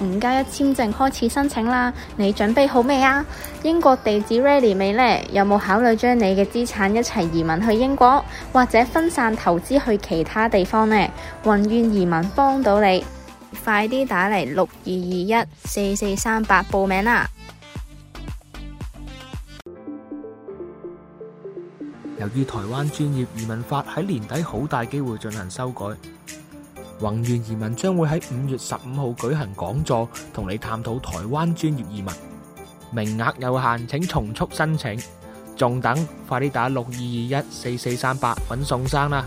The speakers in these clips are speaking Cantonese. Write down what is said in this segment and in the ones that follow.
五加一簽證開始申請啦，你準備好未啊？英國地址 ready 未呢？有冇考慮將你嘅資產一齊移民去英國，或者分散投資去其他地方呢？宏遠移民幫到你，快啲打嚟六二二一四四三八報名啦！由於台灣專業移民法喺年底好大機會進行修改。宏願移民將會喺五月十五號舉行講座，同你探討台灣專業移民，名額有限，請從速申請，仲等快啲打六二二一四四三八揾宋生啦。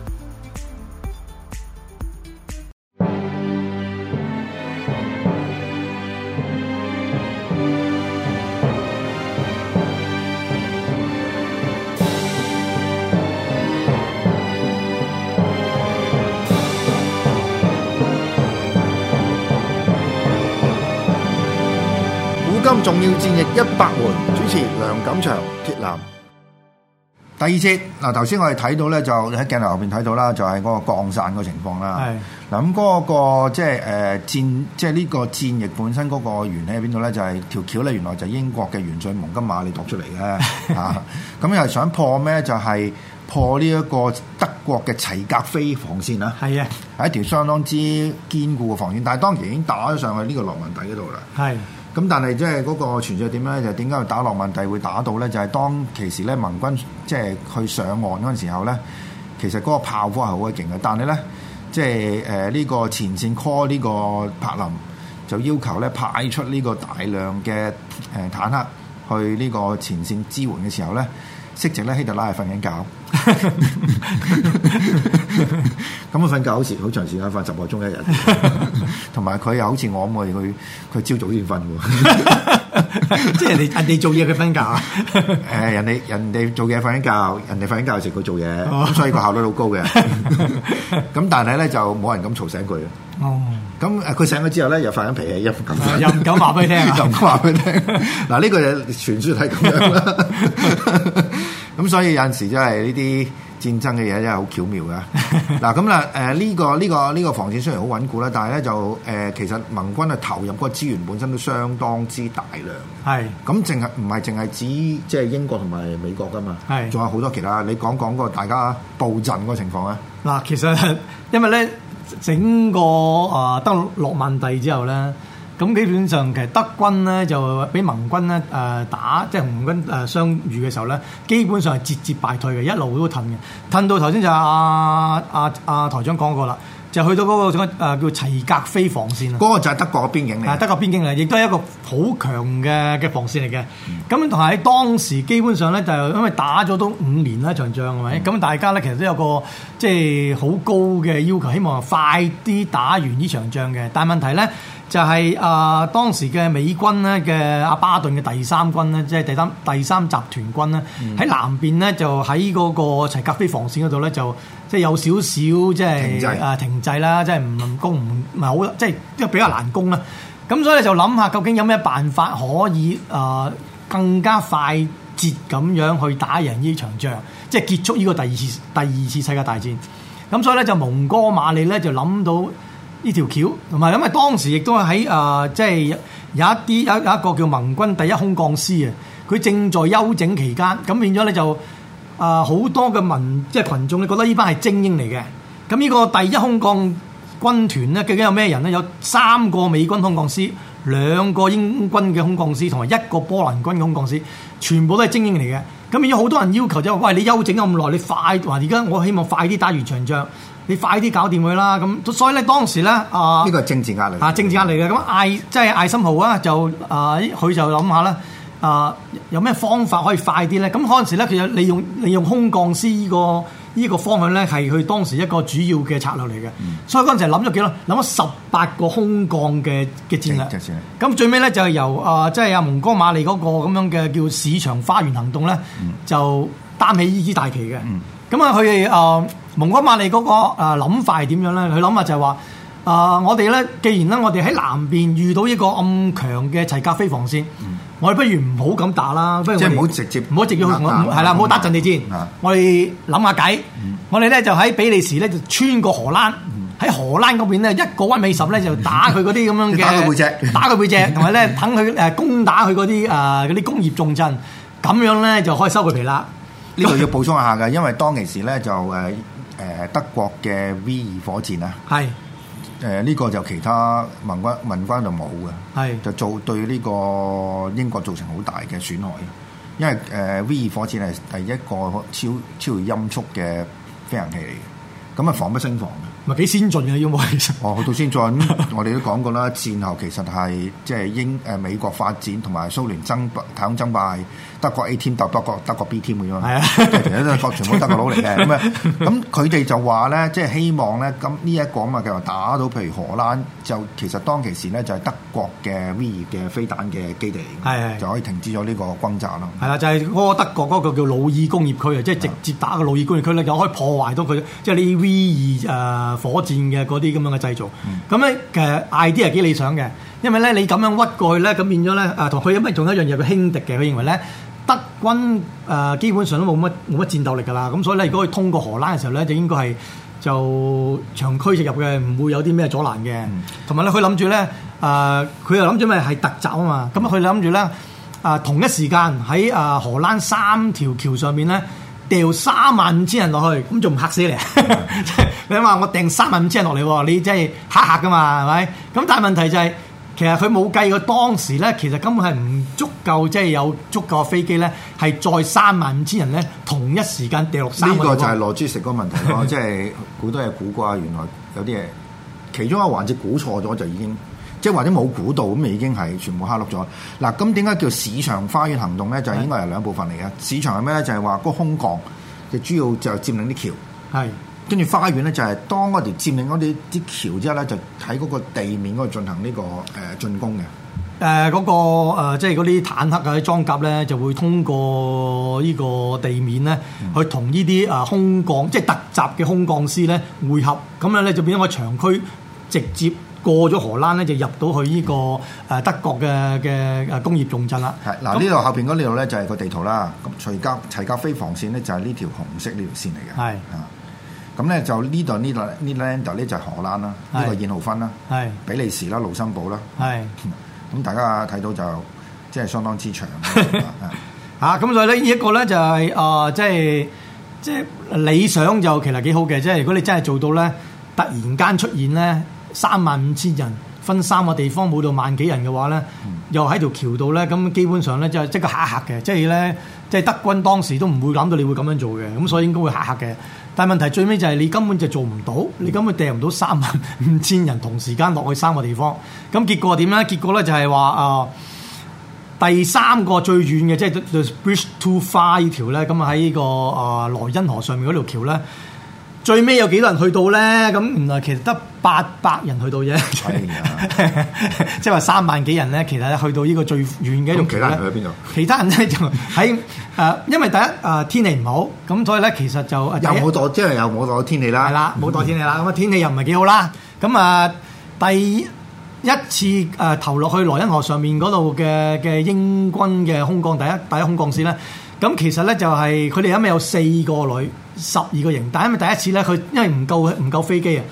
重要戰役一百回，主持梁錦祥、鐵男。第二次，嗱，頭先我哋睇到咧，就喺鏡頭後邊睇到啦，就係、是、嗰個降散的情況的、那個情況啦。係嗱，咁嗰個即係誒戰，即係呢個戰役本身嗰個原理喺邊度咧？就係條橋咧，原來就係英國嘅元帥蒙金馬你讀出嚟嘅吓。咁又、 啊、想破咩？就係、是、破呢一個德國嘅齊格飛防線啦。係啊的，係一條相當之堅固嘅防線。但係當然已經打咗上去呢個諾曼底嗰度啦。係。咁但係即係嗰個存在點咧？就點解打諾曼第會打到咧？就係、是、當其時咧，盟軍即係去上岸嗰陣時候咧，其實嗰個炮火係好鬼勁嘅。但係咧，即係呢個前線 call 呢個柏林，就要求咧派出呢個大量嘅坦克去呢個前線支援嘅時候咧。即係咧，希特拉係瞓緊覺，咁佢瞓覺好似好長時間瞓十個鐘一日，同埋佢又好似我咁，佢佢朝早先瞓，即係人哋人哋做嘢佢瞓覺，誒人哋人哋做嘢瞓緊覺，人哋瞓緊覺時佢做嘢，所以個效率好高嘅，咁但係咧就冇人咁嘈醒佢。哦，咁佢醒咗之後咧，又發緊脾氣，嗯、又唔敢、啊， 又唔敢話俾你聽，唔敢話俾你聽。嗱，呢個就傳說係咁樣啦。咁所以有陣時真係呢啲戰爭嘅嘢真係好巧妙嘅。嗱、 這個，咁、這、啦、個，誒，呢個呢個呢個防線雖然好穩固啦，但係咧就誒、呃，其實盟軍啊投入嗰資源本身都相當之大量。係是，咁淨係唔係淨係指即係英國同埋美國噶嘛？係是，仲有好多其他。你講講個大家布陣嗰個情況啊？嗱，其實因為咧。整個啊德洛曼帝之後咧，咁基本上其實德軍咧就俾盟軍咧誒打，即係同盟軍相遇嘅時候咧，基本上係節節敗退嘅，一路都褪嘅，褪到頭先就係阿阿阿台長講過啦。就去到嗰個誒叫齊格菲防線啊！嗰個就係德國嘅邊境嚟，啊，德國邊境嚟，亦都係一個好強嘅嘅防線嚟嘅。咁同埋喺當時基本上咧，就係因為打咗都五年啦場仗係咪？咁、嗯、大家咧其實都有個即係好高嘅要求，希望快啲打完呢場仗嘅。但係問題咧。就係、是、啊、呃，當時嘅美軍咧嘅阿巴頓嘅第三軍咧，即係第三第三集團軍咧，喺、嗯、南邊咧就喺嗰、那個齊格菲防線嗰度咧，就即係有少少即係啊停滯啦，即係唔能攻唔係好即係比較難攻啦。咁所以就諗下究竟有咩辦法可以啊、呃、更加快捷咁樣去打贏呢場仗，即係結束呢個第二次第二次世界大戰。咁所以咧就蒙哥馬利咧就諗到。呢條橋，同埋因為當時亦都喺誒，即、呃、係、就是、有一啲有一一個叫盟軍第一空降師啊，佢正在休整期間，咁變咗咧就誒好、呃、多嘅民即係群眾咧覺得呢班係精英嚟嘅。咁呢個第一空降軍團咧究竟有咩人咧？有三個美軍空降師，兩個英軍嘅空降師，同埋一個波蘭軍嘅空降師，全部都係精英嚟嘅。咁變咗好多人要求就話、是：喂，你休整咗咁耐，你快話而家我希望快啲打完場仗。你快啲搞掂佢啦！咁所以咧，當時咧啊，呢個係政治壓力啊，政治壓力嘅咁、嗯、艾，即、就、係、是、艾森豪啊，佢就啊，佢就諗下啦，啊，有咩方法可以快啲咧？咁嗰陣時咧，佢就利用利用空降師呢、這個依、這個方向咧，係佢當時一個主要嘅策略嚟嘅。嗯、所以嗰陣時諗咗幾多少？諗咗十八個空降嘅嘅戰略。咁、就是就是、最尾咧就是、由啊，即係阿蒙哥馬利嗰個咁樣嘅叫市場花園行動咧，嗯、就擔起呢支大旗嘅。嗯咁啊，佢誒、呃、蒙哥馬利嗰、嗰個誒諗、呃、法係點樣咧？佢諗啊就係話：誒、呃、我哋咧，既然咧我哋喺南邊遇到依個咁強嘅齊格菲防線，嗯、我哋不如唔好咁打啦。不如即係唔好直接，唔好直接去，係啦，唔好打，打，打，打，打，打陣地戰。我哋諗下計，嗯、我哋咧就喺比利時咧就穿過荷蘭，喺荷蘭嗰邊咧一個屈尾十咧就打佢嗰啲咁樣嘅， 打佢背脊，打佢背脊，同埋咧等佢誒攻打佢嗰啲誒啲工業重鎮，咁樣咧就可以收佢皮啦。呢度要補充一下嘅，因為當其時咧，就誒誒德國嘅 V 二火箭啊，係誒呢個就其他盟軍盟軍就冇嘅，係就做對呢個英國造成好大嘅損害。因為誒 V 二火箭係第一個超超音速嘅飛行器嚟嘅，咁啊防不勝防嘅，咪幾先進嘅，因為其實哦好到先進，我哋都講過啦，戰後其實係即係英誒美國發展同埋蘇聯爭，太空爭敗。德國 A Team 到德國德國 B Team 嘅啫嘛，即係、啊、全部德國佬嚟嘅咁啊！咁佢哋就話咧，即、就、係、是、希望咧，咁呢一個啊嘛，佢話打到譬如荷蘭，就其實當其時咧就係、是、德國嘅 V 二嘅飛彈嘅基地，是是是就可以停止咗呢個轟炸啦。係啦、啊，就係、是、呃德國嗰個叫魯爾工業區啊，即、就、係、是、直接打個魯爾工業區咧，就可以破壞到佢即係呢 V 二誒、呃、火箭嘅嗰啲咁樣嘅製造。咁咧誒 idea 係幾理想嘅，因為咧你咁樣屈過去咧，咁變咗咧誒同佢咁咪仲有一樣嘢佢輕敵嘅，佢認為咧。德軍誒、呃、基本上都冇乜冇乜戰鬥力㗎啦，咁所以咧，如果佢通過荷蘭嘅時候咧，就應該係就長驅直入嘅，唔會有啲咩阻攔嘅。同埋咧，佢諗住咧誒，佢又諗住咪係突襲啊嘛，咁佢諗住咧誒同一時間喺誒、呃、荷蘭三條橋上面咧掉三萬五千人落去，咁仲唔嚇死你？ 你話我掟三萬五千人落嚟，你真係嚇嚇㗎嘛，係咪？咁但係問題就係、是。其實佢冇計過當時咧，其實根本係唔足夠，即係有足夠飛機咧，係載三萬五千人咧，同一時間掉落三個。呢個就係落豬食個問題咯，即係好多嘢估瓜，原來有啲嘢，其中一個環節估錯咗就已經，即係或者冇估到咁，已經係全部蝦落咗。嗱，咁點解叫市場花園行動咧？就應該係兩部分嚟嘅。係市場係咩咧？就係話個空降就主要就佔領啲橋，係。跟住花園咧，就係當嗰條佔領嗰啲啲橋之後咧，就喺嗰個地面嗰度進行呢個誒進攻嘅、呃。誒、那、嗰個即係嗰啲坦克啊、裝甲咧，就會通過呢個地面咧，去同呢啲空降，嗯、即係突襲嘅空降師咧會合。咁樣咧就變咗個長區，直接過咗荷蘭咧，就入到去呢個德國嘅嘅工業重鎮啦。係嗱、嗯，呢度那後面嗰度咧就係個地圖啦。咁齊格齊格菲防線咧就係呢條紅色呢條線嚟嘅。啊。咁咧就呢度呢度呢 land 就係荷蘭啦，呢是個燕豪芬啦，是比利時啦、盧森堡啦，咁是大家睇到就即係、就是、相當之長。咁所以呢一個咧就係即係即係理想就其實幾好嘅，即、就、係、是、如果你真係做到咧，突然間出現咧三萬五千人分三個地方冇到萬幾人嘅話咧，嗯、又喺條橋度咧，咁基本上咧即係即刻嚇嚇嘅，即係咧即係德軍當時都唔會諗到你會咁樣做嘅，咁所以應該會嚇嚇嘅。但係問題最尾就係你根本就做唔到，嗯、你根本掟唔到三萬五千人同時間落去三個地方。咁結果點咧？結果咧就係話啊，第三個最遠嘅即係 bridge too far 條呢條咧，咁啊喺個啊萊茵河上面嗰條橋咧。最尾有幾多人去到咧？咁原來其實得八百人去到啫、 哎呀，即係話三萬幾人咧，其實去到呢個最遠嘅用。其他人去咗邊度？其他人咧就喺、呃、因為第一、呃、天氣唔好，咁所以咧其實就又冇咗、啊、即係又冇咗天氣啦。冇咗天氣啦，咁啊、嗯、天氣又唔係幾好啦。咁啊，第一次、呃、投落去萊茵河上面嗰度嘅嘅英軍嘅空降第一第一空降線咧，咁其實咧就係佢哋因為有四個女。十二個營，但係因為第一次咧，佢因為唔夠唔夠飛機啊，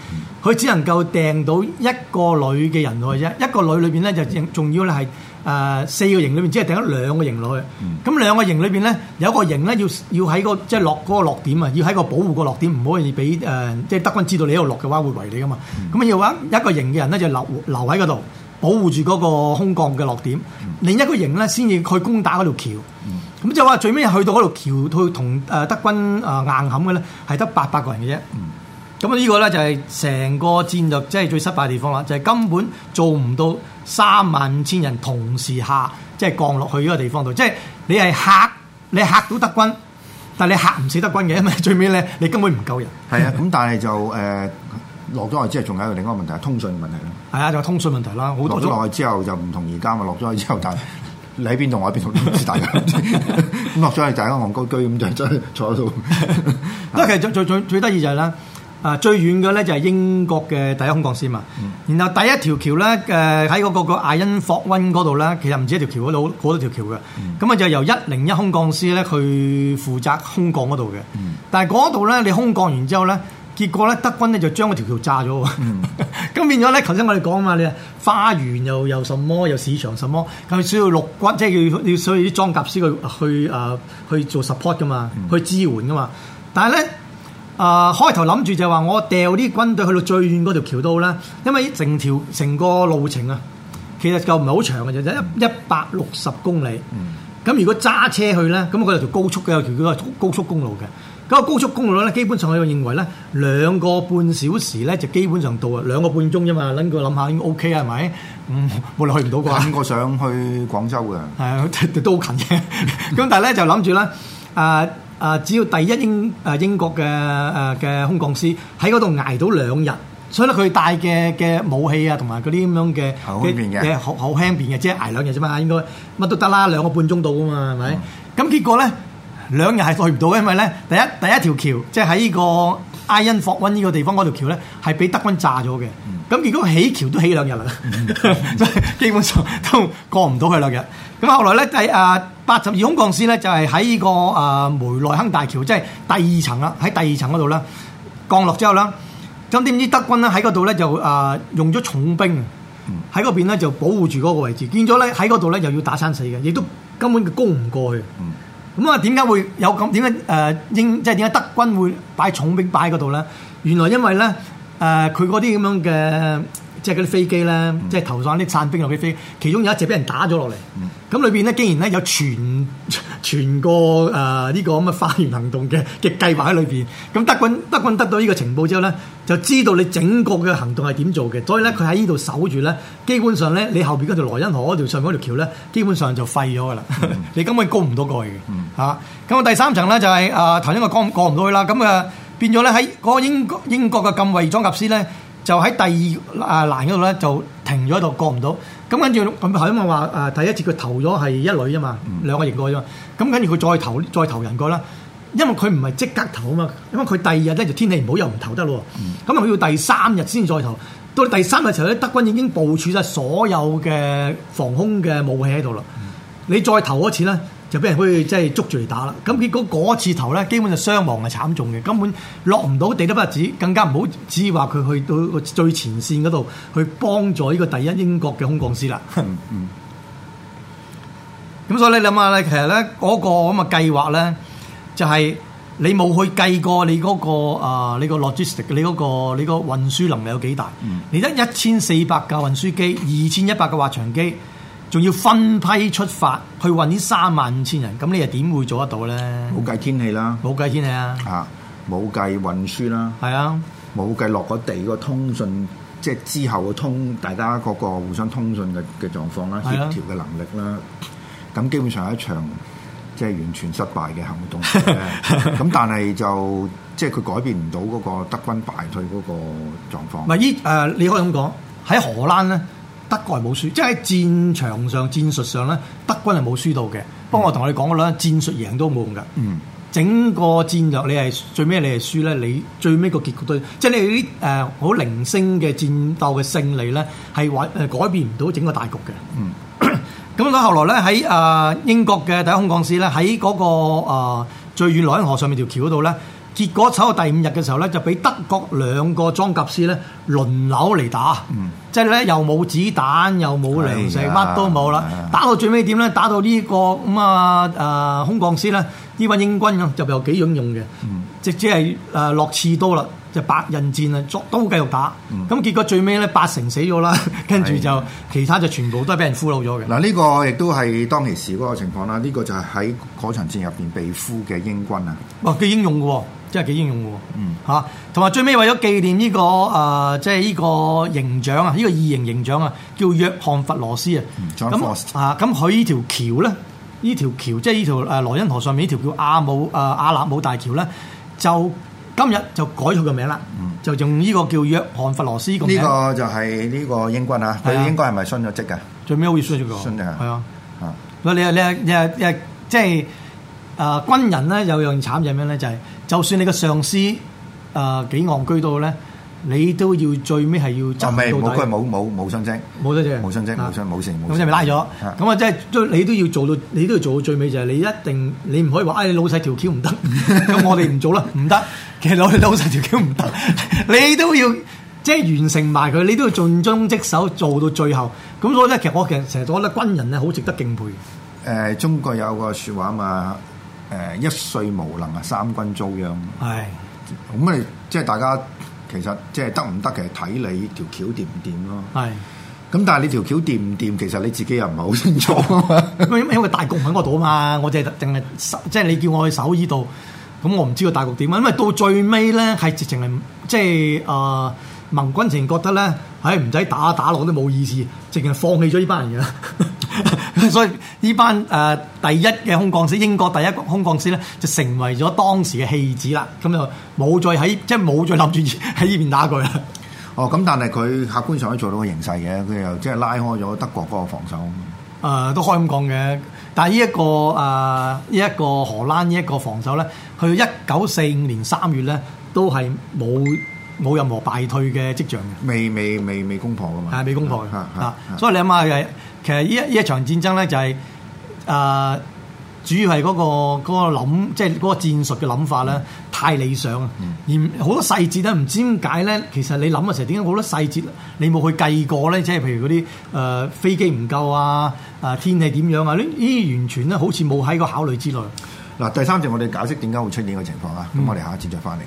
佢、嗯、只能夠掟到一個旅嘅人落去啫。一個旅裏邊咧就仲重要咧係誒四個營裏邊，只係掟咗兩個營落去。咁、嗯、兩個營裏邊咧，有一個營咧要要喺個即係落嗰個落點啊，要喺、嗰個保護、即係、個落點，唔好容易俾誒即係德軍知道你喺度落嘅話，會圍你噶嘛。咁啊、嗯、要話一個營嘅人咧就留留喺嗰度保護住嗰個空降嘅落點，嗯、另一個營咧先至去攻打嗰條橋。咁就話最尾去到嗰度橋，佢同誒德軍誒硬撼嘅咧，係得八百個人嘅啫。咁呢、嗯、個咧就係成個戰略，即、就、係、是、最失敗嘅地方啦，就係、是、根本做唔到三萬五千人同時下即係、就是、降落去呢個地方度。即、就、係、是、你係嚇你是嚇到德軍，但係你是嚇唔死德軍嘅，因為最尾咧你根本唔夠人。係 啊，咁但係就誒落咗去之後，仲有一個另一個另外問題係通訊問題啦。係啊，就通訊問題啦。落咗落去之後就唔同而家咪落咗去之後但是。 你喺邊度，我喺邊度，唔知大家咁落咗嚟就係一個戇居居咁就真係坐喺度。不過 其實最最最得意就係咧，啊最遠嘅咧就係英國嘅第一空降師嘛。嗯、然後第一條橋咧，誒喺嗰個、那個艾因霍溫嗰度啦。其實唔止一條橋嗰度，好多條橋嘅。咁啊、嗯、就由一零一空降師咧去負責空降嗰度嘅。嗯、但係嗰度咧，你空降完之後咧。結果咧，德軍咧就將嗰條橋炸咗、嗯。 咁變咗咧，頭先我哋講啊嘛，你啊花園又又什麼，又市場什麼，咁需要陸軍，即係要要需要啲裝甲師去去啊去做 support 噶嘛，去支援噶嘛。但係咧啊，開頭諗住就係話我掉啲軍隊去到最遠嗰條橋都好啦，因為成條成個路程啊，其實就唔係好長嘅啫，就一一百六十公里。咁、嗯、如果揸車去咧，咁佢有條高速嘅，有條高速公路嘅。嗰個高速公路咧，基本上我認為咧兩個半小時咧就基本上到啊，兩個半鐘啫嘛，諗個諗下應該 OK 呀，係咪？咁冇理去唔到啩？我想去廣州嘅，係啊，都好近嘅。咁但係咧就諗住咧，誒誒，只要第一英誒英國嘅誒嘅空降師喺嗰度捱到兩日，所以咧佢帶嘅嘅武器啊，同埋嗰啲咁樣嘅好輕便嘅，好輕便嘅，即係捱兩日啫嘛，應該乜都得啦，兩個半鐘到啊嘛，係咪？咁結果咧。兩日係去唔到，因為咧第一第一條橋，即係喺呢個埃因霍溫呢個地方嗰條橋咧，係俾德軍炸咗嘅。咁、嗯、結果起橋都起兩日啦，嗯、 所以基本上都過唔到去啦嘅。咁後來咧第、這個、啊八十二空降師咧就係喺呢個啊梅內亨大橋，即、就、係、是、第二層啦，喺第二層嗰度啦降落之後啦，咁點知德軍咧喺嗰度咧就啊、呃、用咗重兵喺嗰邊咧就保護住嗰個位置，見咗咧喺嗰度咧又要打生死嘅，亦都根本攻唔過去。嗯咁啊，點解會有咁？點解誒，英即係點解德軍會擺重兵擺喺嗰度咧？原來因為咧誒，佢嗰啲咁樣嘅。即係嗰啲飛機咧，嗯、即係投上啲散兵落去飛，其中有一隻俾人打咗落嚟。咁裏邊咧，竟然咧有全全個誒呢、呃這個咁嘅花園行動嘅嘅計劃喺裏邊。咁德軍德軍得到呢個情報之後咧，就知道你整個嘅行動係點做嘅。所以咧，佢喺呢度守住咧，基本上咧你後邊嗰條萊茵河嗰條上面嗰條橋咧，基本上就廢咗㗎啦。嗯、 你根本攻唔到過去嘅嚇。咁、嗯、啊那第三層咧就係、是、誒，頭先我講過唔到去啦。咁誒、呃、變咗咧喺嗰個英英國嘅禁衛裝甲師咧。就喺第二啊欄嗰度咧，就停咗喺度過唔到。咁跟住咁後屘我話第一次佢投咗係一旅啫嘛，嗯、兩個營過啫嘛。咁跟住佢再投再投人過啦。因為佢唔係即刻投啊嘛，因為佢第二日咧就天氣唔好又唔投得咯。咁佢、嗯、要第三日先再投。到第三日時候咧，德軍已經部署晒所有嘅防空嘅武器喺度啦。你再投一次咧？就俾人去即係捉住嚟打啦，咁結果嗰次頭咧，基本就傷亡係慘重嘅，根本落唔到地得不止更加唔好指話佢去到最前線嗰度去幫助呢個第一英國嘅空降師啦。咁、嗯嗯嗯、所以你諗下咧，其實咧嗰個咁嘅計劃咧，就係你冇去計過你嗰、嗰個啊，你個 logistic，你嗰個你個運輸能力有幾大？嗯、你得一千四百架運輸機，二千一百架滑翔機。仲要分批出發去運呢三萬五千人，咁你又點會做得到咧？冇計天氣啦，冇計天氣啊，嚇冇、啊、計運輸啦，係啊，冇計落嗰地個通訊，即、就、係、是、之後嘅通，大家嗰個互相通訊嘅嘅狀況啦，協調嘅能力啦，咁、啊、基本上係一場即係、就是、完全失敗嘅行動的。咁 但係就即係佢改變唔到嗰個德軍敗退嗰個狀況。依誒、啊，你可以咁講喺荷蘭咧。德國係冇輸，即係喺戰場上、戰術上咧，德軍係冇輸到嘅。嗯、不過我同你講啦，戰術贏都冇用嘅。嗯，整個戰略你係最尾你係輸咧，你最尾個結局都即係你啲誒好零星嘅戰鬥嘅勝利咧，係改、呃、改變唔到整個大局嘅。嗯，咁 到後來咧喺誒英國嘅第一空降師咧喺嗰個、呃、最遠萊茵河上面條橋嗰度咧。結果炒到第五日嘅時候咧，就俾德國兩個裝甲師咧輪流嚟打，嗯、即係咧又冇子彈，又冇糧食，乜、哎、呀都冇啦、哎呀。打到最尾點咧，打到呢個咁啊空降師咧，呢班英軍就又幾英勇嘅，直接係落刺刀啦，就是、白刃戰啊，捉刀繼續打。咁、嗯、結果最尾咧八成死咗啦，跟 住就其他就全部都係俾人俘虜咗嘅。嗱呢、哎呢個亦都係當其時嗰個情況啦，呢、呢個就係喺嗰場戰入邊被俘嘅英軍啊。哇、哦，幾英勇嘅喎、哦！真係幾英勇喎，同埋最尾為咗紀念呢、這個誒，即係呢個營長啊，呢、這個、二營營長啊，叫約翰佛羅斯啊。咁啊，咁佢呢條橋咧，呢條橋即係呢條誒萊茵河上面一條叫阿武、呃、阿納姆大橋咧，就今日就改咗個名啦，嗯、就用呢個叫約翰佛羅斯咁。呢個就係呢個英軍嚇，佢應該係咪殉咗職㗎？最尾好似殉咗㗎。啊，你你你即啊，軍人咧有樣慘就係咩咧？就係就算你個上司啊幾昂居到咧，你都要最尾係要執到底。冇官冇冇冇薪職，冇薪職，冇薪冇成。咁即係拉咗。咁啊，即係都你都要做到，你都要做到最尾，就係你一定你唔可以話啊，你老細條橋唔得，咁我哋唔做啦，唔得。其實老老細條橋唔得，你都要即係完成埋佢，你都要盡忠職守做到最後。咁所以咧，其實我其實成日覺得軍人咧好值得敬佩。誒，中國有個説話嘛。誒、呃、一歲無能啊，三軍遭殃。係是，咁咪即係大家其實即係得唔得，其實睇你，是你條橋掂唔掂咯。係。咁但係你條橋掂唔掂，其實你自己又唔係好清楚啊嘛。因為 因為大局喺嗰度啊嘛，我淨係淨係即係你叫我去守呢度，咁我唔知道大局點啊。因為到最尾咧，係直情係即係啊盟軍情覺得咧，唉唔使打打落都冇意思，淨係放棄咗呢班人。所以呢班誒第一嘅空降師，英國第一個空降師咧，就成為咗當時嘅棄子啦。咁就冇再喺，即係冇再諗住喺呢邊打佢啦。哦，咁但係佢客觀上可以做到個形勢嘅，佢又即係拉開咗德國嗰個防守。誒，都可以咁講嘅。但係呢一個誒，呢一個荷蘭呢一個防守咧，去到一九四五年三月咧，都係冇。冇任何敗退嘅跡象嘅，未未未未攻破噶嘛，係未攻破嘅，所以你諗下，其實呢一呢一場戰爭咧，就係，就係啊，主要係嗰，嗰個諗，即係嗰個戰術嘅諗法咧，太理想，嗯、而好多細節咧，唔知點解咧，其實你諗嘅時候，點解好多細節你冇去計過咧？即係譬如嗰啲誒飛機唔夠啊，啊天氣點樣啊？呢完全咧，好似冇喺個考慮之內。嗱，第三節我哋解釋點解會出現個情況啊。咁，嗯、我哋下一節再翻嚟。